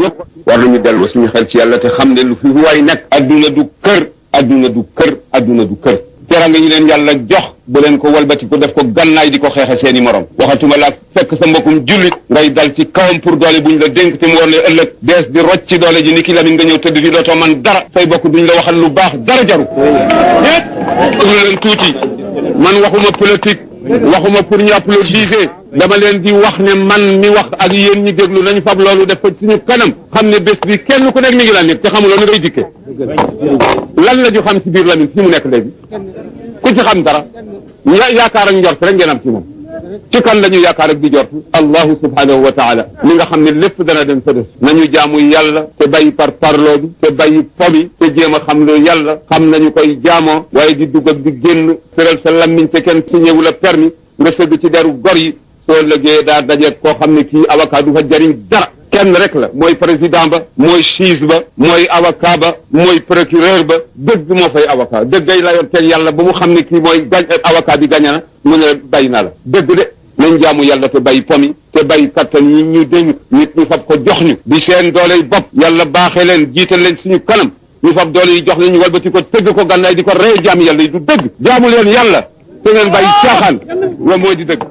ñëpp war nañu dellu suñu xel ci yàlla te xam ne lu fi waay nekk adduna du kër duna du kër adduna du kër teranga yi leen yàlla jox bu leen ko walbati ko def ko gannaay di ko xeex xeexe seeni morom waxatuma laa fekk sa mbokkum jullit ngay dal ci kawam pour doole bu ñu la dénk te mu war ne ëllëg dees di rocc ci doole ji ni ki lamin nga ñëw tëdd fi dootoo man dara say bokk duñ la waxal lu baax dara jaru a déglu leen tuuti man waxuma politique waxuma pour ñu applaudiser dama leen di wax ne man mi wax ak yéen ñi déglu nañu fab loolu def ko suñu kanam xam ne bés bi kenn ku nekk mi ngi la nekk te xamuloo ni ngay dikkee lan la ñu xam ci biir Lamine si mu nekk léegi ku ci xam dara ya yaakaar ak njort rek ngeen am ci moom kan la ñu yaakaar ak di jort allahu subhanahu wa taala li nga xam ne lépp dana dem sa des nañu jaamu yàlla te bàyyi par parloo bi te bàyyi po bi te jéem a xam lu yàlla xam nañu koy jaamoo waaye di dugg ak di génn tëral sa lammiñ te kenn signéwu la permis nga sëgg ci deru gor yi soo lëggee daa dajeeg koo xam ne ki avocat du fa jariñ dara kenn rek la mooy président ba mooy juge ba mooy avocat ba mooy procureur ba dëgg moo fay avocat dëggay layoon teel yàlla ba mu xam ne kii mooy gañ avocat bi gañe na mu ne bay na la dëgg de nañ jaamu yàlla te bay pomi te bay kattan yi ñu déñu nit ñu fab ko jox ñu bi seen dooley bopp yàlla baaxee leen jiital leen suñu kanam ñu fab doole yi jox leen ñu walbati ko tëgg ko gànnaay di ko rey jaamu yàlla yi du dëgg jaamu leen yàlla te ngeen bàyyi caaxaan wa moo di dëgg